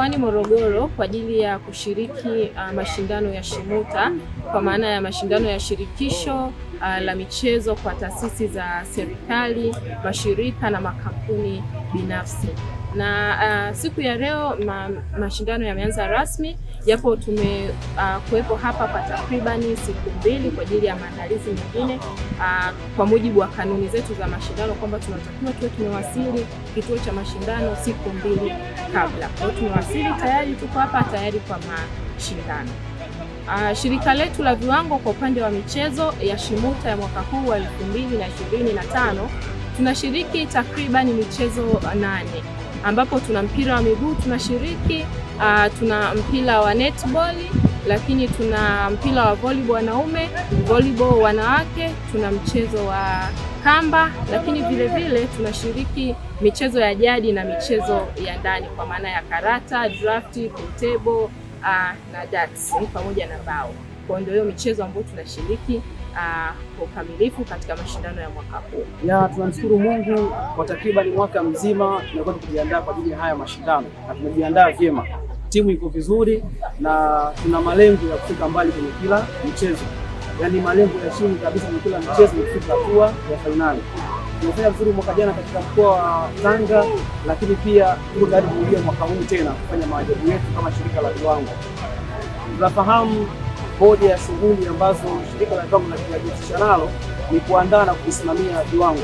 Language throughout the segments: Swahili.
mkoani Morogoro kwa ajili ya kushiriki uh, mashindano ya SHIMUTA kwa maana ya mashindano ya shirikisho uh, la michezo kwa taasisi za serikali, mashirika na makampuni binafsi na uh, siku ya leo ma, mashindano yameanza rasmi, japo tumekuwepo uh, hapa kwa takribani siku mbili kwa ajili ya maandalizi mengine uh, kwa mujibu wa kanuni zetu za mashindano kwamba tunatakiwa tuwe tumewasili kituo cha mashindano siku mbili kabla. Kwa hiyo tumewasili tayari, tuko hapa tayari kwa mashindano. Uh, shirika letu la viwango kwa upande wa michezo ya SHIMUTA ya mwaka huu wa 2025 tunashiriki takriban michezo nane ambapo tuna mpira wa miguu tunashiriki, uh, tuna mpira wa netball, lakini tuna mpira wa volleyball wanaume, volleyball wanawake, tuna mchezo wa kamba, lakini vile vile tunashiriki michezo ya jadi na michezo ya ndani kwa maana ya karata, drafti, pool table, uh, na darts pamoja na bao. Kwa ndio hiyo michezo ambayo tunashiriki ah, kwa ukamilifu katika mashindano ya mwaka huu, na tunamshukuru Mungu kwa takriban mwaka mzima tumekuwa tukijiandaa kwa ajili ya haya mashindano na tumejiandaa vyema. Timu iko vizuri na tuna malengo ya kufika mbali kwenye kila mchezo, yaani malengo ya chini kabisa kwenye kila mchezo ni kufika hatua ya fainali. Tumefanya vizuri mwaka jana katika mkoa wa Tanga, lakini pia tuko tayari kuingia mwaka huu tena kufanya maajabu yetu kama shirika la viwango. Tunafahamu moja ya shughuli ambazo shirika la viwango linajihusisha nalo ni kuandaa na kusimamia viwango.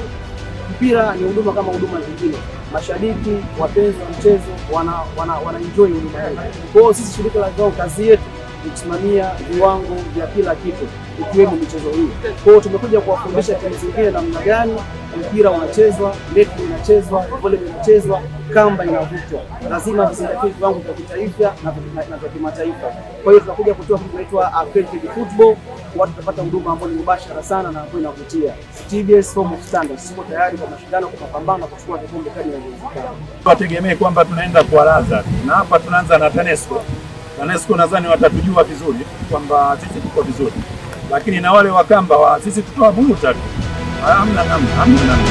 Mpira ni huduma kama huduma zingine, mashabiki, wapenzi wa mchezo wana, wana, wana enjoy huduma hii. Kwa hiyo sisi shirika la viwango kazi yetu ni kusimamia viwango vya kila kitu ikiwemo michezo hii. Kwa hiyo tumekuja kuwafundisha timu zingine namna gani mpira unachezwa, netball inachezwa, volleyball inachezwa kamba inavutwa, lazima vizingatiwe viwango vya kitaifa na vya kimataifa. Kwa hiyo tunakuja kutoa kitu kinaitwa accredited uh, football, watu watapata huduma ambayo ni mubashara sana na ambayo inavutia. TBS Home of Standards siko tayari kwa mashindano, kwa kupambana, na kuchukua kikombe ya inavyowezekana. Tuwategemee kwamba tunaenda kwa raza, na hapa tunaanza na TANESCO. TANESCO nadhani watatujua vizuri kwamba sisi tuko vizuri, lakini na wale wakamba wa sisi tutoa buluta tu, hamna namna, hamna namna.